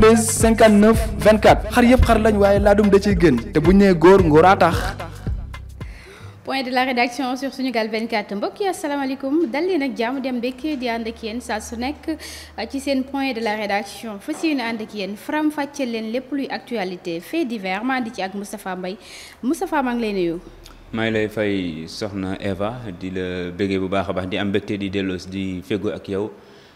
73 59 24 xar yëpp xar lañ waaye laadum da ciy gën te bu ñu nee góor ngóoraa tax. point de la rédaction sur Sunugal 24 mbokk yi asalaamaaleykum dal leen ak jàmm dem bekk di ànd ak yéen saa su nekk uh, ci seen point de la rédaction fas yéene ànd ak yéen faram fàccee leen lépp luy actualité fait divers maa di ci ak Moustapha mbay Moustapha maa ngi lay nuyu. maa ngi lay fay soxna Eva di la bëggee bu baax a baax di am mbégte di delloos di fegu ak yow.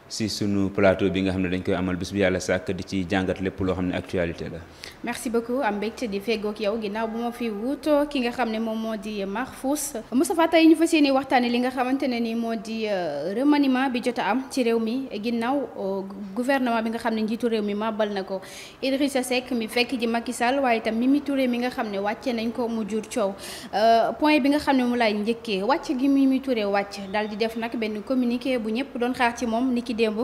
si sunu plateau bi nga xam ne dañ koy amal bis bu yàlla sàkk di ci jàngat lépp loo xam ne actualité la. merci beaucoup am mbégte di feggoog yow ginnaaw bu ma fi wuutoo ki nga xam ne moom moo di Mahfous Moustapha tey ñu fas yéene waxtaanee li nga xamante ne ni moo di euh, remaniement bi jot am ci réew mi ginnaaw euh, gouvernement bi nga xam ne njiitu réew mi bal na ko Idrissa Seck mi fekk ji Macky Sall waaye itam Mimi Touré mi nga xam ne wàcce nañ ko mu jur coow euh, point bi nga xam ne mu laay njëkkee wàcc gi Mimi Touré wàcc daal di def ki démb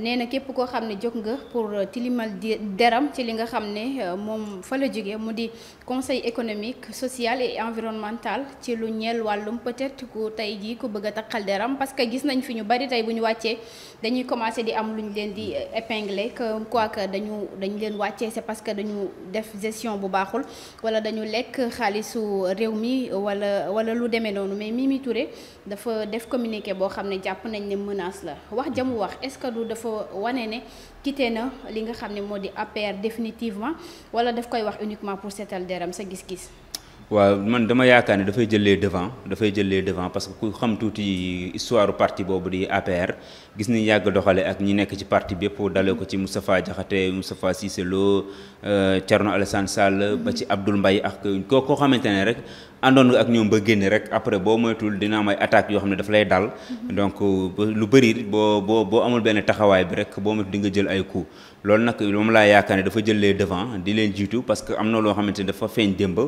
nee na képp koo xam ne jóg nga pour euh, tilimal di deram ci li nga xam ne euh, moom fa la jógee mu di conseil économique social et environnemental ci lu ñel wàllum peut-être ku tey jii ku bëgg a taqal deram parce que gis nañ fi ñu bari tey bu ñu wàccee dañuy commencer di am lu ñu leen di euh, épingler que quoi que dañu dañu leen wàccee c'est parce que dañu def gestion bu baaxul wala dañu lekk xaalisu réew mi wala wala lu demee noonu mais Mimi Touré dafa def communiqué boo xam ne jàpp nañ la wax est-ce que du dafa wane ne quitté na li nga xam ne moo di APR definitivement wala daf koy wax uniquement pour seetal deram sa gis-gis waaw man dama yaakaar ne dafay jëlee devant dafay jëlee devant parce que ku xam tuuti histoire parti boobu di APR gis nañ yàgg doxale ak ñi nekk ci parti bi yëpp dalee ko ci Moustapha Diakhaté Moustapha Cissé Lo euh, Thierno Alassane Sall ba ci Abdoul mbay ak ko koo xamante ne rek àndoon ak ñoom ba génn rek après boo moytul dina may ay attaques yoo xam ne dafa lay dal mhm. donc euh, lu bëri boo boo boo amul benn taxawaay bi rek boo moytul di nga jël ay coups loolu nag moom laa yaakaar ne dafa jëlee devant di leen jiitu parce que am na loo xamante ni dafa feeñ démb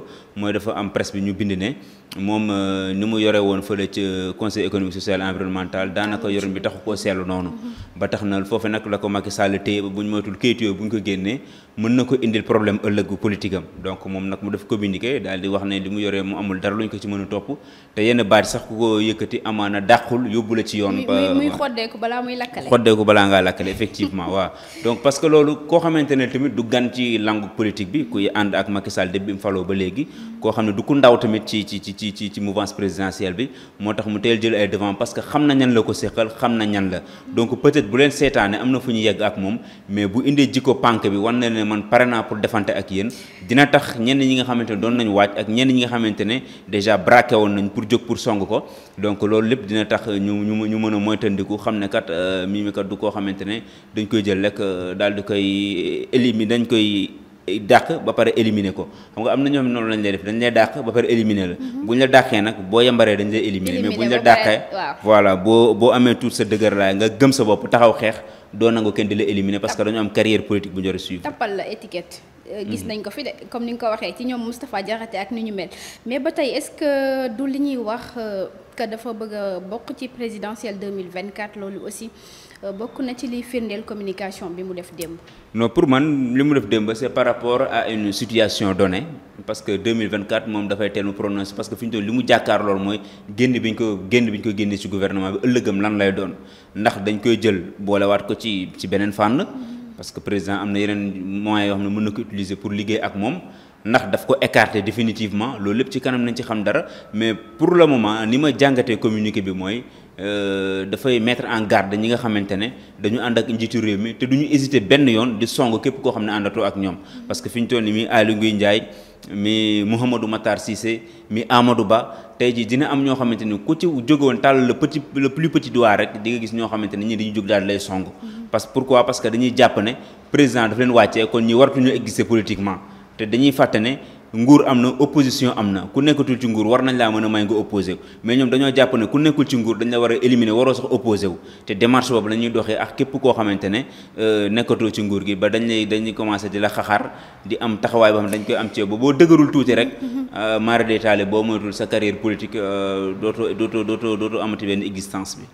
mooy dafa am presse bi ñu bind ne moom euh, ni mu yore woon fële ci conseil économique social environnemental daanaka yorin bi taxu koo seetlu noonu. Mm-hmm. ba tax na foofu nag la ko Macky Sall téye ba bu ñu moytul kayit yooyu bu ñu ko génnee mën na ko indil problème ëllëg bu donc moom nag mu def communiqué daal di ne li mu yoree mu amul dara lu ñu ko ci mën a te yenn baat sax ku ko yëkkati amaana dàqul yóbbu la ci yoon. ba muy xoddeeku balaa muy lakkale. xoddeeku balaa ngaa lakkale effectivement waaw. donc parce que loolu koo xamante ne tamit du gan ci langue politique bi kuy ànd ak Macky Sall depuis mu faloo ba léegi. koo xam ne du ku ndaw tamit ci ci ci ci ci mouvance présidentielle bi moo tax mu teel jël ay devant parce que xam na ñan la ko seqal xam na ñan la donc peut-être bu leen seetaane am na fu ñu yegg ak moom mais bu indee jikko pànk bi war na leen man pare naa pour defante ak yéen dina tax ñenn ñi nga xamante ne doon nañ waaj ak ñenn ñi nga xamante ne déjà braqué woon nañ pour jóg pour song ko donc loolu lépp dina tax ñu ñu ñu mën a moytandiku xam ne kat euh, Mimi du koo xamante ne dañ koy jël rek euh, daal di koy euh, élimi dañ koy dàq ba pare éliminer ko xam nga am na ñoom noonu lañ lay def dañ lay dàq ba pare éliminer la mhm. buñ la dàqee nag boo yambaree dañ lay éliminer mais buñ la dàqee voilà boo boo amee tuut sa dëgër laay nga gëm sa bopp taxaw xeex doo nangu kenn di la éliminer parce que dañu am carrière politique bu njëriñ suivre tappal la étiquette euh, gis mhm. nañ ko fi de comme ni nga ko waxee ci ñoom Moustapha Diakhaté ak ni ñu mel mais ba tey est-ce que du li ñuy wax euh, que dafa bëgg bokk ci présidentielle 2024 loolu aussi Euh, bokk na ci liy firndeel communication bi mu def démb. non pour man li mu def démb c'est par rapport à une situation donnée parce que 2024 moom dafay teel mu prononcer parce que fi ñu toll li mu jàkkaar lool mooy génn bi ñu ko génn bi ñu ko génnee ci gouvernement bi ëllëgam lan lay doon ndax dañ koy jël boolewaat ko ci ci beneen fànn. parce que président am na yeneen moyens yoo xam ne mën na ko utiliser pour liggéey ak moom. ndax daf ko écarter définitivement loolu lépp ci kanam nañ ci xam dara mais pour le moment ni ma jàngatee communiqué bi mooy Euh, dafay mettre en garde ñi nga xamante ne dañu ànd ak njiitu réew mi te du ñu hésiter benn yoon di song képp koo xam ne àndatoo ak ñoom parce que fi ñu toll nii mi Aly Ngouille Ndiaye mi Mouhamadou Matar Cissé mi Amadou Ba tey jii dina am ñoo xamante ni ku ci jógoon tàll le petit le plus petit doigt rek di nga gis ñoo xamante ne ñii dañuy jóg daal lay song parce que pourquoi parce que dañuy jàpp ne président daf leen wàccee kon ñi waratuñu exister politiquement te dañuy fàtte nguur am na opposition am na ku nekkatul ci nguur war nañ laa mën a may nga opposé mais ñoom dañoo jàpp ne ku nekkul ci nguur dañ la war a éliminer waroo sax opposé wu te démarche boobu lañuy ñuy doxee ak képp koo xamante ne euh, nekkatoo ci nguur gi ba dañ lay dañuy commencé di la xaxaar di am taxawaay boo xam dañ koy am ci ba boo dëgërul tuuti rek euh, mara de taale boo moytul sa carrière politique euh, dootoo dooto dooto dootoo amati benn existence bi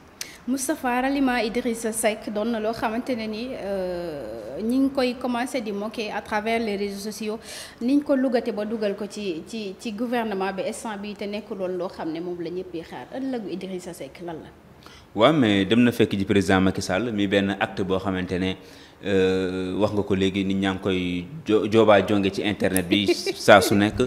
Moustapha ralliement sa Seck doon na loo xamante ne ni euh, ñu ngi koy commencé di mokke à travers les réseaux sociaux niñ ko lugate ba dugal ko ci ci ci gouvernement bi instant bi te nekk loolu loo xam ne moom la ñëpp yi xaar ëllëgu Idrissa Seck lan la. waaw mais dem na fekk ji président Macky Sall mi benn acte boo xamante ne. Euh, wax nga ko léegi nit ñaa ngi koy joobaa jonge ci internet bi saa su nekk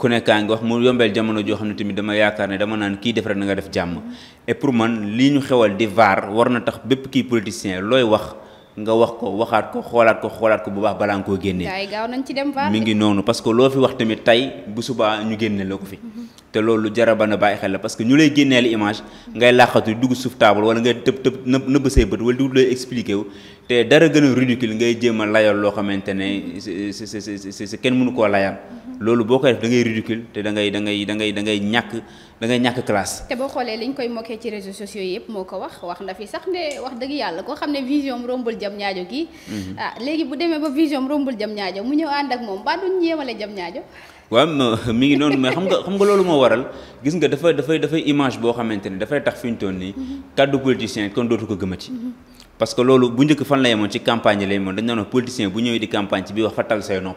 ku nekkaa ngi wax mu yombeel jamono joo xam ne tamit dama yaakaar ne dama naan kii def rek na nga def jàmm et pour man lii ñu xewal di vaar war na tax bépp kii politicien looy wax nga wax ko waxaat ko xoolaat ko xoolaat ko bu baax balaa nga koo génnee gaaw nañ ci dem mi ngi noonu parce que loo fi wax tamit tey bu subaa ñu génne la ko fi mhm. te loolu jara bana bàyyi xel la parce que ñu lay génneel image ngay laaxatu dugg suuf wala ngay tëb tëb nëbb say bët wala di lay expliqué wu te dara gën a ridicule ngay jéem a layal loo xamante ne c'est c'est kenn mënu koo layal mhm. loolu boo koy def da ngay te da ngay da ngay da ngay da ngay ñàkk da ngay ñàkk classe. te boo xoolee liñ koy mokkee ci réseaux sociaux yëpp moo ko wax wax na fi sax ne wax dëgg yàlla koo xam ne vision am rombul jam ñaajo gi. Mhm. ah léegi bu demee ba vision am rombul jam ñaajo mu ñëw ànd ak moom ba duñ yéemale jam ñaajo. waaw mi ngi noonu mais xam nga xam nga loolu moo waral gis nga dafa dafay dafay image boo xamante ne dafay tax fi ñu toll nii. Mhm. kàddu politicien kon dootu ko gëmati. parce que loolu bu njëkk fan la yemoon ci campagne la yemoon dañ naan politicien bu ñëwee di campagne ci bi wax fatal say nopp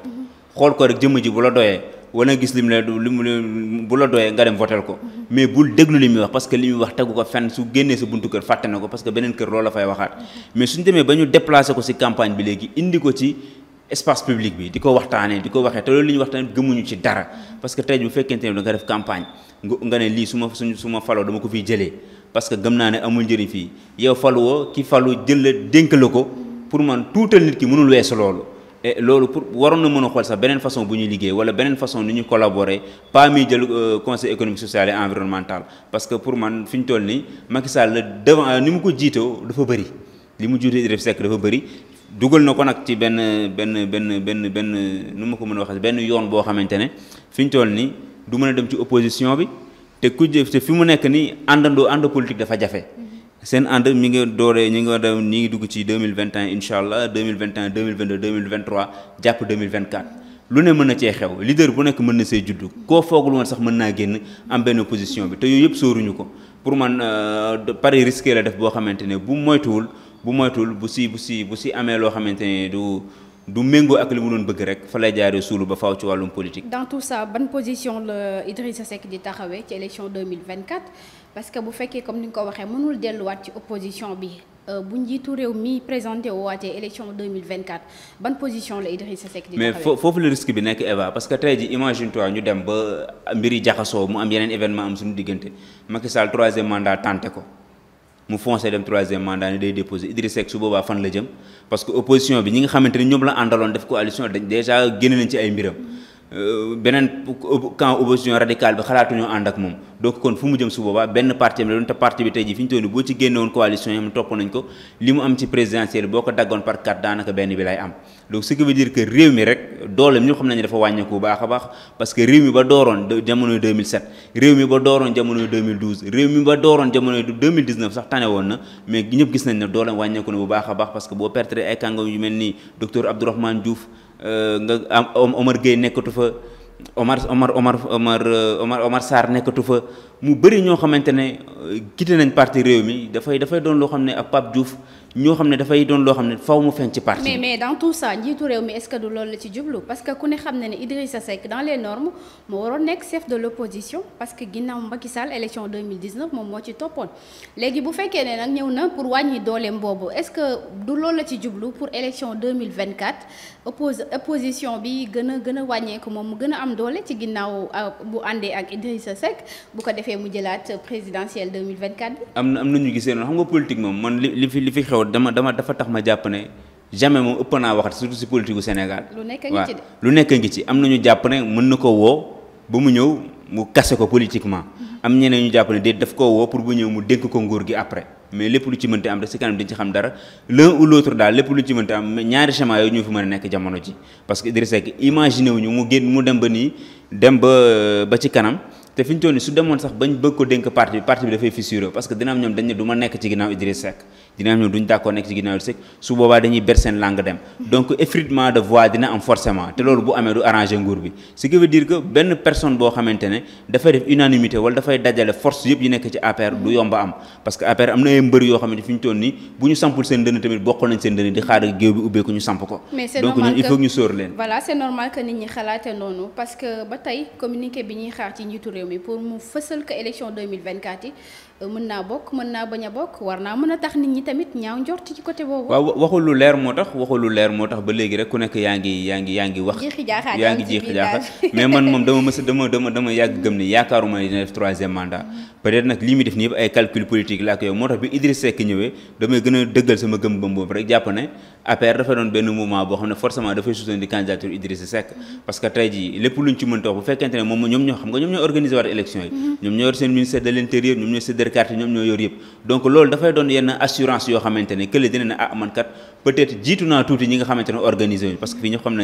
xool ko rek jëmm ji bu la doyee wala gis li mu la li mu bu la doyee nga dem votel ko mais bul déglu li muy wax parce que li muy wax tegu ko fenn su génnee sa buntu kër fàtte na ko parce que beneen kër loolu la fay waxaat mais suñu demee ba ñu déplacé ko si campagne bi léegi indi ko ci espace public bi di ko waxtaanee di ko waxee te loolu li waxtaan gëmuñu ci dara parce que tey bu def campagne nga ne lii su ma suñ dama ko fiy jëlee parce que gëm naa ne amul njëriñ fii yow falu woo ki falu jël la dénk la ko pour man tuutal nit ki mënul weesu loolu et loolu pour waroon na mën a xool sax beneen façon bu ñuy liggéey wala beneen façon ni ñu collaborer pas muy jël euh, conseil économique social et environnemental parce que pour man fi ñu toll nii Macky Sall la devant ni mu ko jiitoo dafa bari li mu jiite Idrissa Seck dafa bëri dugal na ko nag ci benn benn benn benn benn nu ma ko mën a waxee benn yoon boo xamante ne fi ñu toll nii du mën a dem ci opposition bi te ku jëf te fi mu nekk nii àndandoo ànd politique dafa jafe. Mm-hmm. seen ànd mi ngi dooree ñi nga dem ñi ngi dugg ci deux mille vingt et un incha allah deux mille vingt et un deux mille vingt deux deux mille vingt trois jàpp deux mille vingt quatre lu ne mën na cee xew leader bu nekk mën na see juddu koo foogul woon sax mën naa génn am benn position bi te yooyu yëpp sóoruñu ko pour man euh, pari risqué la def boo xamante ne bu moytuwul bu moytuwul bu si bu si bu si amee ne du. du méngoo ak li mu doon bëgg rek fa lay jaaree suulu ba faw ci wàllum politique. dans tout ça ban position la Idrissa Seck di taxawee ci élection 2024 parce que bu fekkee comme ni nga ko waxee mënul delluwaat ci opposition bi euh, bu njiitu réew mi présenté waatee élection 2024 ban position la Idrissa Seck di taxawee. mais foofu le risque bi nekk Eva parce que tey ji imagine toi ñu dem ba mbiri jaxasoo mu am yeneen événement suñu diggante Macky Sall troisième mandat tenté ko. mu foncé dem troisième mandat ni day déposé Idriss Seck su boobaa fan la jëm parce que opposition bi ñi nga xamante ni ñoom la àndaloon def coalition déjà génn nañ ci ay mbiram. Euh, beneen camp opposition radicale bi xalaatuñoo ànd ak moom donc kon fu mu jëm su boobaa benn parti la doon parti bi tey jii fi ñu toll boo ci génnewoon coalition yi topp nañ ko li mu am ci présidentielle boo ko daggoon par quatre daanaka benn bi lay am donc ce qui réew mi rek doole ñëpp xam nañu dafa wàññeeku bu baax a baax parce que réew mi ba dooroon jamonoy 2007 réew mi ba dooroon jamonoy 2012 ba dooroon jamonoy 2019 sax tane woon na mais ñëpp gis nañ doole wàññeeku na bu baax a baax parce que boo perdre ay kàngam yu mel nii Euh, nga am Omar Gueye nekkatu fa Omar Omar Omar Omar euh, Omar nekkatu fa mu bëri ñoo xamante ne euh, quitté nañ parti réew mi dafay dafay doon loo xam ne ak Pape Diouf ñoo xam ne dafay doon loo xam ne faw mu feeñ ci parti mais mais dans tout ça njiitu réew mi est-ce que du loolu la ci jublu parce que ku ne xam ne ne Idrissa Seck dans les normes moo waroon nekk chef de l'opposition parce que ginnaaw Macky Sall élection moom moo ci toppoon léegi bu fekkee ne nag ñëw na pour wàññi dooleem boobu est-ce que du lool la ci jublu pour élection 2024 oppose opposition bi gën a gën a wàññeeku moom mu gën a am doole ci ginnaaw euh, bu àndee ak Idrissa bu ko defee mu jëlaat présidentielle 2024 bi am na am na ñu gisee noonu xam nga fi xew loolu dama dama dafa tax ma jàpp ne jamais moom ëpp naa waxat surtout si politique gu Sénégal. lu nekk ngi ci lu nekk ngi ci am na ñu jàpp ne mën na ko woo ba mu ñëw mu kase ko politiquement. Mm-hmm. am ñeneen ñu jàpp ne daf koo woo pour bu ñëw mu dénk ko nguur gi après mais lépp lu ci mënti am rek si kanam dañ ci xam dara l'un ou l'autre daal lépp lu ci mënti am ñaari chemin yooyu ñoo fi mën a nekk jamono ji parce que Idrissa Seck mu génn mu dem ba nii dem ba ba ci kanam. te fi ñu nii su demoon sax bañ bëgg ko dénk parti bi parti bi dafay fissuré parce que dina am ñoom dañ ne du nekk ci ginnaaw Idriss dina am ñoom duñ d'accord nekk ci ginnaaw Idriss su boobaa dañuy ber seen langue dem donc effritement de voix dina am forcément te loolu bu amee du arrangé nguur bi ce qui veut dire benn personne boo xamante ne dafay unanimité wala dafay dajale force yëpp yi nekk ci APR du yomba am parce que APR am na ay réew mi pour mu fësal ko élection 2024 yi euh, mën naa bokk mën naa bañ a bokk war naa mën a tax nit ñi tamit ñaaw njort ci côté boobu. waaw waxul lu leer moo tax waxul lu leer moo tax ba léegi rek ku nekk yaa ngi yaa ngi yaa ngi wax. jiixi jaaxaat yaa ngi jiixi jaaxaat mais man moom dama mës a dama dama yàgg gëm ni yaakaaruma ne dina def troisième mandat. Mm. peut nag li muy def nii ay calcul politique la ak yow moo tax bi Idriss Seck ñëwee damay gën a dëggal sama gëm-gëm boobu rek jàpp APR dafa doon benn mouvement boo xam ne forcément dafay soutenir candidature Idrissa Seck parce que tey jii lépp luñ ci mën a wax bu fekkente ne moom ñoom ñoo xam nga ñoom ñoo organiser waat élection yi mhm. ñoom ñoo yor seen ministère de l' intérieur ñoom xamante ne kële dina ne ah man kat peut-être jiitu naa tuuti ñi nga xamante ne organiser wuñu xam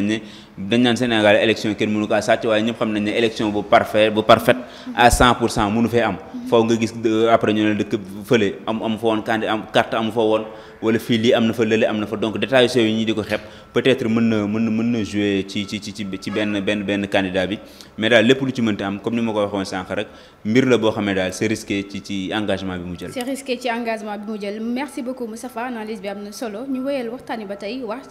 ne ne élection bu parfait bu parfaite à 100 pour cent mënu fee am faw nga gis euh, après ñu ne dëkk fële am am fa woon kandi am carte amu fa woon wala fii lii am na fa lële am na fa donc détails yooyu ñi di ko xeeb peut-être mën na mën na mën na jouer ci ci ci ci benn benn benn candidat bi mais daal lépp lu ci mënta am comme ni ma ko waxoon sànq rek mbir la boo xam daal c'est risqué ci ci engagement bi mu jël. c'est risqué ci engagement bi mu jël merci beaucoup Moustapha analyse bi am na solo ñu wéyal waxtaan ba tey wax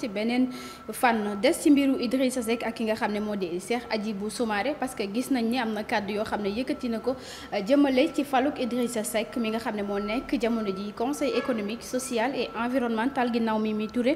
xam ne moo di Cheikh Hadjibou Soumaré gis nañ ne am na kàddu yoo xam ne yëkkati na faluk Idrissa Seck mi nga xam ne moo nekk jamono ji conseil économique social et environnemental ginnaaw Mimi Touré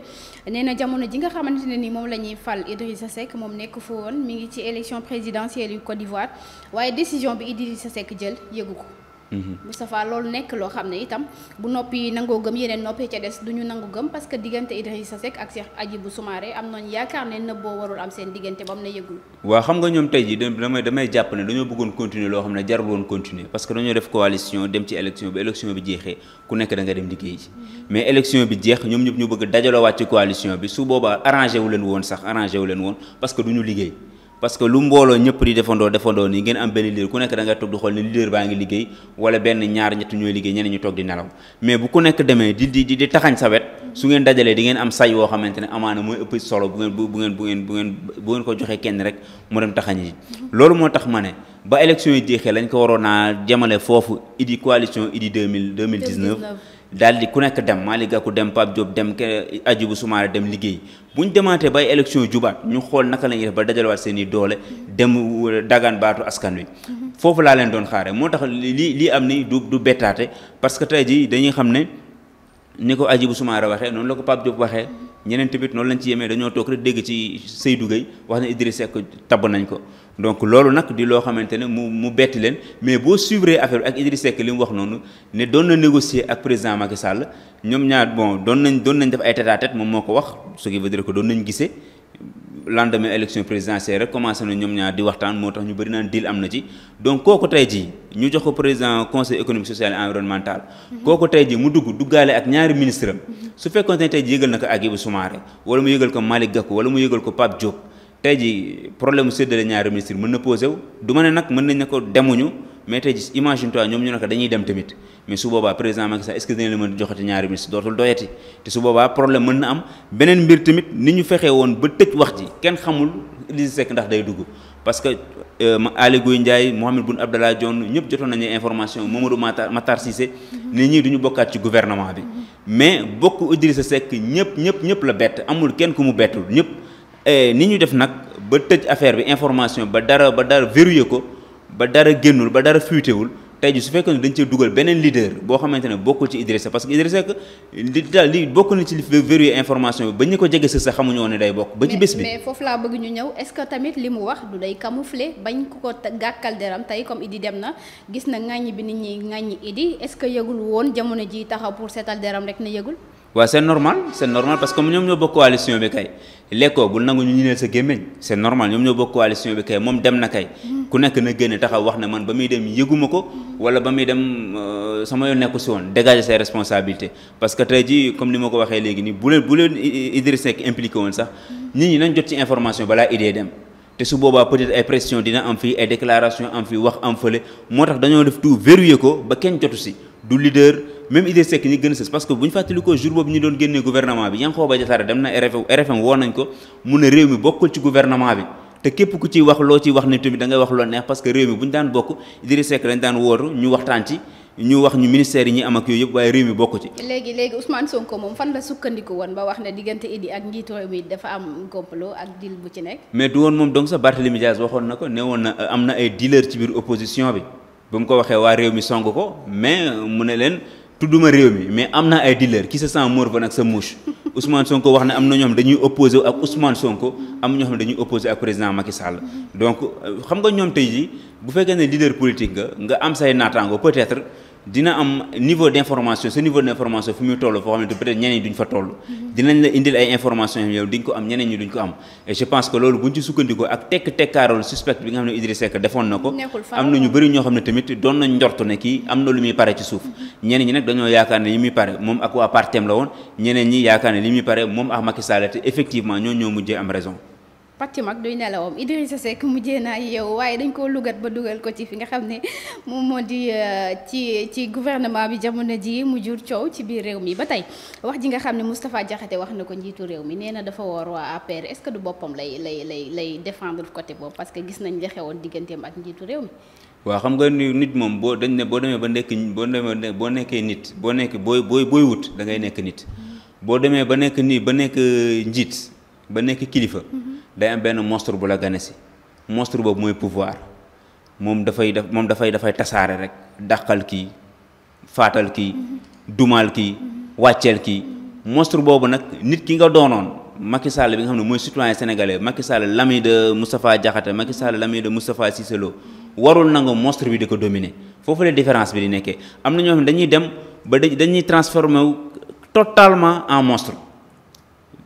nee na jamono ji nga xamante ne ni moom la ñuy fal Idrissa Seck moom nekk fu woon mi ngi ci élection présidentielle yu Côte d'Ivoire waaye décision bi sa Seck jël yëgu ko Moustapha loolu nekk loo xam ne itam bu noppi nangoo gëm yeneen noppee ca des du ñu nangu gëm parce que diggante Idrissa Seck ak Cheikh Hadjibou Soumaré am nañu yaakaar ne nëbboo warul am seen diggante ba mu ne yëgul waaw xam nga ñoom tey ji damay damay jàpp ne dañoo bëggoon continuer loo xam ne jarul woon continuer parce que dañoo def coalition dem ci élection bi élection bi jeexee ku nekk da nga dem liggéey ji mm-hmm. mais élection bi jeex ñoom ñëpp ñu bëgg dajaloo wàcc ci su boobaa arrangé wu leen woon sax wu leen woon parce que du ñu parce que lu mbooloo ñëpp di defandoo defandoo nii ngeen am benn leader ku nekk da nga toog di xool ni leader baa ngi liggéey wala benn ñaar ñett ñooy liggéey ñeneen ñu toog di nelaw mais bu ku nekk demee di di di taxañ sa wet su ngeen dajalee di am say woo xamante ne amaana mooy ëpp solo bu ngeen bu ngeen bu ngeen bu ngeen ko joxee kenn rek mu dem taxañ yi loolu moo tax ma ne ba élection yi jeexee lañ ko waroon naa jemale foofu idi coalition idi 2000 2019 daal di ku nekk dem Malick Gakou dem Pape Diop dem ke Hadjibou Soumaré dem liggéey bu ñu demaatee bay élection jubaat ñu xool naka la ñuy def ba dajalewaat seen i doole dem euh, dagaan baatu askan wi foofu laa leen doon xaare moo tax lii lii am ni du du bettaate parce que tey jii dañuy xam ne ni ko Hadjibou Soumaré waxee noonu la ko Pape Diop waxee ñeneen tamit noonu lañ ci yemee dañoo toog rek dégg ci Seydou Gueye wax ne Idrissa Seck tabb nañ ko donc loolu nag di loo xamante ne mu mu betti leen mais boo suivre affaire bi ak Idrissa Seck li mu wax noonu ne doon na négocier ak président Macky Sall ñoom ñaar bon doon nañ doon nañ def ay tête à moom moo ko wax ce qui veut ko doon nañ gise lendemain élection présidentielle rek commencé na ñoom ñaar di waxtaan moo tax ñu bëri naan deal am na ci donc kooku tey jii ñu jox ko président conseil économique social et environnemental. Mhm. kooku tey jii mu dugg duggaale ak ñaari ministre am. su fekkoon ne tey jii yëgal na ko Hadjibou wala mu yëgal ko Malick Gakou wala mu yëgal ko Pape Diop. tey ji problème mu séddale ñaari ministre mën na posé wu du ma ne nag mën nañ ne ko demuñu mais tey ji imagine toi ñoom ñu ne ko dañuy dem tamit mais su boobaa président Macky Sall est-ce que dina la mën joxati ñaari ministre dootul doyati te su boobaa problème mën na am beneen mbir tamit ni ñu fexe woon ba tëj wax ji kenn xamul li sekk ndax day dugg parce que euh, Aly Ngouille Ndiaye Mahammed Boun Abdallah Dionne ñëpp jotoon nañu information Mamadou Matar Matar Cissé ni ñii duñu ci gouvernement bi mm-hmm. mais bokk Idrissa Seck ñëpp ñëpp ñëpp la bett amul kenn ku mu bettul ñëpp Eh, ni ñu def nag ba tëj affaire bi information ba dara ba dara verrouillé ko ba dara génnul ba dara fuitewul tey ji su fekkee ne dañ cee dugal beneen leader boo xamante ne bokkul ci Idrissa parce que Idrissa li daal li ci li verrouillé information ba ñu ko jege sa sax ne day bokk. ba ci bés bi mais foofu laa bëgg ñu ñëw est que tamit li mu wax du day camoufler bañ ko ko gàkkal deram tey comme Idi dem na gis na ŋàññi bi nit ñi ŋàññi Idi est-ce que yëgul woon jamono ji taxaw pour seetal deram rek na yëgul. waaw c'est normal c'est normal parce que comme ñoom ñoo bokk coalition bi kay lekkoo bul nangu ñu ñineel sa gémmiñ c'est normal ñoom ñoo bokk coalition bi kay moom dem na kay ku nekk na génne taxaw wax na man ba muy dem yëguma ko wala ba muy dem euh, sama yoon nekku si woon dégager ses responsabilité parce que tey jii comme ni ma ko waxee léegi nii bu leen bu leen Idriss Seck impliqué woon sax nit ñi nañ jot ci information balaa idée dem te su boobaa peut-être ay pression dina am fii ay déclaration am fii wax am moo tax dañoo def tout verrouiller ko ba kenn jotu si du leader même Idrissa Seck ñi gën a sës parce que bu fàttalikoo jour boobu ñu doon génnee gouvernement bi Yankhoba Diattara dem na RFM RFM nañ ko mu ne réew mi bokkul ci gouvernement bi te képp ku ciy wax loo ciy wax ne tamit da ngay wax loo neex parce que réew mi bu daan bokk Idrissa Seck dañ daan wootu ñu waxtaan ci ñu wax ñu ministère yi ñi am ak yooyu yëpp waaye réew mi bokk ci. léegi léegi Ousmane Sonko moom fan la sukkandiku woon ba wax ne diggante Idi ak njiitu réew mi dafa ko ne tudduma réew mi mais am na ay dealers qui se sent morvan ak sa mouche Ousmane Sonko wax ne am na ñoo xam dañuy opposé ak Ousmane Sonko am ñoo xam dañuy opposé ak président Macky Sall donc euh, xam nga ñoom tey jii bu fekkee ne leader politique nga nga am say naataango peut-être dina am niveau d' information ce niveau d' information fu muy toll foo xamante peut-être ñeneen ñi duñ fa toll. dinañ la indil ay information yow di ko am ñeneen ñi duñ ko am. et je pense que loolu buñ ci sukkandikoo ak tekk tekkaarool suspect bi nga na ko. am na ñu bëri ñoo xam ne tamit doon nañ njortu ne kii am na lu muy pare ci suuf. ñeneen ñi nag dañoo yaakaar ne li muy pare moom ak waa partem la woon ñeneen ñi yaakaar ne li muy pare moom ak Macky Sall te effectivement ñoo ñoo mujjee am raison. pàcc mag duy nelawam Idrissa Seck mujjee naa yow waaye dañ koo lugat ba dugal ko ci fi nga xam ne moom moo di euh, ci ci bi jamono ji mu jur coow ci biir réew mi ba tey wax ji nga xam ne Moustapha Diakhaté wax na ko njiitu réew mi nee na dafa woor waa APR est-ce que du boppam lay lay lay lay défendre côté boobu parce que gis nañ li xewoon digganteem ak njiitu réew mi. waaw xam nga ni nit moom boo dañ ne boo demee ba nekk boo demee boo nekkee nit boo nekk booy booy booy wut da ngay nekk nit mm-hmm. boo euh, njiit. ba nekk kilifa mhm. day am benn monstre bu la gane monstre boobu mooy pouvoir moom dafay def moom dafay dafay tasaare rek dàqal kii faatal kii mhm. dumaal kii mhm. wàcceel kii monstre boobu nag nit ki nga doonoon Macky Sall bi nga xam ne mooy citoyen sénégalais Macky Sall l'ami de Moustapha Diakhaté Macky Sall l'ami de Moustapha Cissé Lo warul nangu monstre bi di ko dominer foofu la différence bi di nekkee am na ñoo xam ne dañuy dem ba dañuy transformé wu totalement en monstre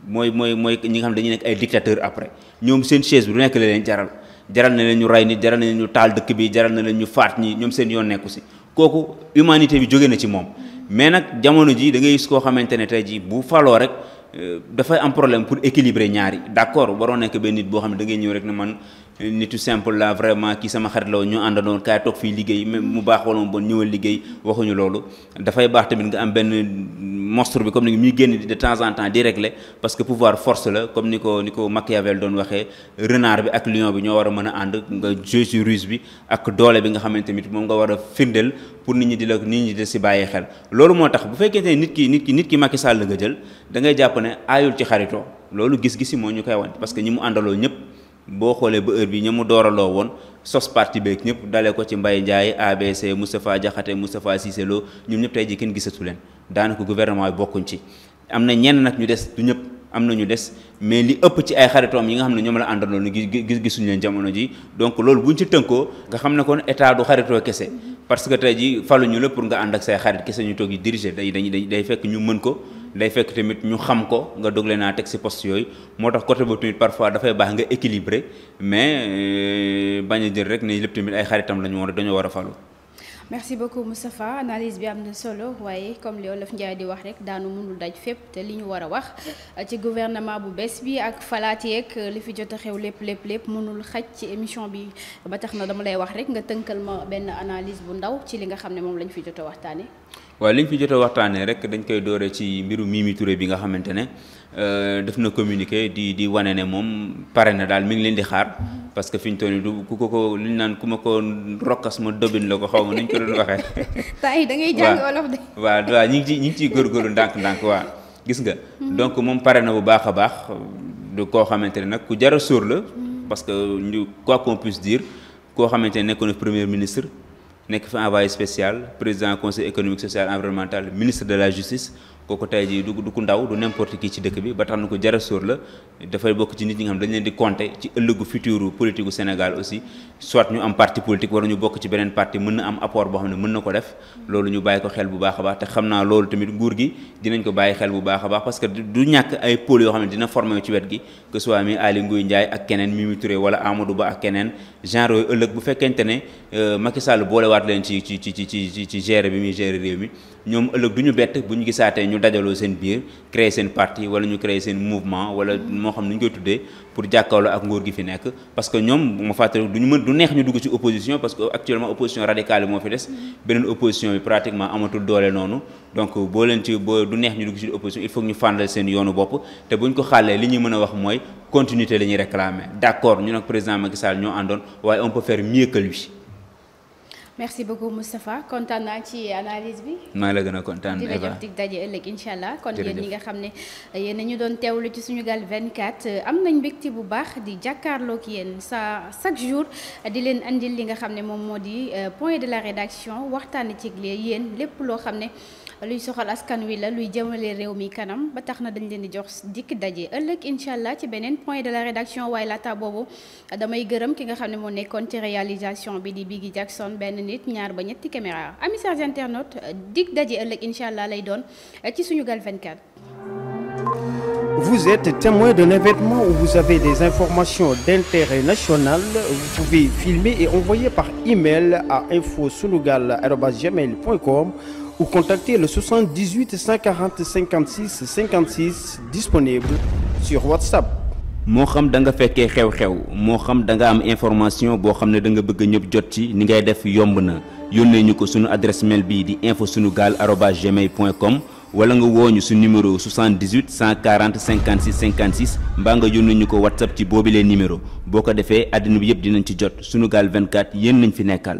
mooy mooy mooy ñi nga xam dañuy nekk ay dictateur après ñoom seen chaise bi du nekk la leen jaral jaral na leen ñu rey nit jaral na leen ñu taal dëkk bi jaral na leen ñu faat ñi ñoom seen yoon nekku si kooku humanité bi jóge na ci moom mais nag jamono ji da ngay gis koo xamante ne tey ji bu faloo rek euh, dafay am problème pour équilibrer ñaari d'accord waroon nekk benn nit boo xam ne dangay ñëw rek ne man nitu simple la vraiment kii sama xarit la woon ñu àndandoon kaay toog fii liggéey mu baax wala mu bon ñëwal liggéey waxuñu loolu dafay baax tamit nga am benn monstre bi comme ni muy génn de temps en temps di régler que pouvoir force la comme ko ni ko Machiavel doon waxee renard bi ak lion bi ñoo war a mën a ànd nga jouer sur ruse bi ak doole bi nga xamante tamit moom nga war a firndeel pour nit ñi di la nit ñi di si bàyyi xel loolu moo tax bu fekkee te nit ki nit ki nit ki Macky Sall la nga jël da ngay jàpp ne aayul loolu gis-gisi moo ñu koy wan parce que ñi mu àndaloo ñëpp boo xoolee ba heure bi ña mu dooraloo woon sos parti beeg ñëpp dalee ko ci mbay Ndiaye ABC Moustapha Diakhaté Moustapha Cissé Lo ñoom ñëpp tey ji gisatu leen daanaka gouvernement yi bokkuñ ci am na ñenn nag ñu des du ñëpp am na ñu des mais li ëpp ci ay xaritoom yi nga xam ne ñoom la àndandoo nu gis gisuñu leen jamono ji donc loolu buñ ci tënkoo nga xam ne kon état du xaritoo kese parce que tey ji faluñu la pour nga ànd ak say xarit kese ñu toog yi diriger day day day fekk ñu mën ko day fekk tamit ñu xam ko nga dogle naa teg si post yooyu moo tax côté boobu tamit parfois dafay baax nga équilibré mais euh, bañ a jël rek ne lépp tamit ay xaritam la ñu war a dañoo war a falu merci beaucoup Moustapha analyse bi am na solo waaye comme li Olof Ndiaye di wax rek daanu mënul daj fépp te li ñu war a wax ci gouvernement bu bees bi ak falaat yeeg li fi jot a xew lépp lépp lépp mënul xaj ci émission bi ba tax na dama lay wax rek nga tënkal ma benn analyse bu ndaw ci li nga xam ne moom lañ fi jot a waxtaanee. waaw li ñu fi jot a waxtaanee rek dañ koy doore ci mbiru miimi Touré bi nga xamante ne euh, def na communiqué di di wane ne moom pare na daal mi ngi leen di xaar mm-hmm. parce que fi ñu toll nii du ko ko li ñu naan ku ma ko rokkas ma dobin la ko xaw ko doon waxee. temps yi da olof de. waaw waaw ñu ngi ciy ci ngi ciy góorgóorlu ndànk-ndànk waa gis nga. Hmm. donc moom pare na bu baax a baax du koo xamante ne nag ku jar a sóor la. Hmm. parce que ñu quoi qu'on puisse diir koo xamante ne nekkoon na premier ministre nekk fi envoyé spécial président conseil économique social environnemental ministre de la justice. kooku tey jii du du ku ndaw du n'importe kii ci dëkk bi ba tax na ko jara sóor la dafay bokk ci nit ñi nga xam dañ leen di compter ci ëllëgu futuru politique gu Sénégal aussi soit ñu am parti politique wala ñu bokk ci beneen parti mën na am apport boo xam ne mën na ko def loolu ñu bàyyi ko xel bu baax a baax te xam naa loolu tamit nguur gi dinañ ko bàyyi xel bu baax a baax parce que du ñàkk ay pôle yoo xam ne dina formé ci wet gi que soit mi Aly Ngouille Ndiaye ak keneen Mimi Touré wala Amadou Ba ak keneen genre ëllëg bu fekkente ne euh, Macky Sall boolewaat leen ci ci ci ci ci ci gérer bi muy gérer réew ñoom ëllëg du ñu bett bu ñu gisaatee ñu dajaloo seen biir créer seen parti wala ñu créer seen mouvement wala moo xam ni ñu koy tuddee pour jàkkaarloo ak nguur gi fi nekk parce que ñoom ma fàttali du ñu mën du neex ñu dugg ci opposition parce que actuellement opposition radicale bi moo fi des beneen opposition bi pratiquement amatul doole noonu donc boo leen ci boo du neex ñu dugg ci opposition il faut ñu fàndal seen yoonu bopp te buñ ko xàllee li ñuy mën a wax mooy continuité la ñuy réclamer d'accord ñu nag président Macky Sall ñoo àndoon waaye merci beaucoup Moustapha kontaan naa ci analyse bi. maa la gën a kontaan Eva di la jox dig daje ëllëg incha allah. kon yéen ñi nga xam ne yéen ñu doon teewlu ci Sunugal 24. Euh, am nañ mbégte bu baax di jàkkaarlook yéen sa chaque jour euh, di leen indil li nga xam ne moom moo di euh, point de la rédaction waxtaan ci yéen lépp loo xam ne. luy soxal askan wi la luy jëmale réew mi kanam ba tax na dañ leen di jox dikk daje ëllëg incha allah ci beneen point de la rédaction waaye laata boobu damay gërëm ki nga xam ne moo nekkoon ci réalisation bi di Biggy Jackson benn nit ñaar ba ñetti caméra amis chers internautes dikk daje ëllëg incha allah lay doon ci Sunugal 24. Vous êtes témoin d'un événement ou vous avez des informations d'intérêt national, vous pouvez filmer et envoyer ou contacter le 78 140 56 56 disponible sur WhatsApp. moo xam da nga fekkee xew-xew moo xam da nga am information boo xam ne da nga bëgg ñëpp jot ci ni ngay def yomb na yónnee ñu ko suñu adresse mail bii di info sunu gaal arobase gmail point com wala nga woo ñu su numéro 78 140 56 56 mbaa nga yónnee ñu ko WhatsApp ci boobile numéro boo ko defee àddina bi yëpp dinañ ci jot sunu gaal 24 yéen nañ fi nekkaal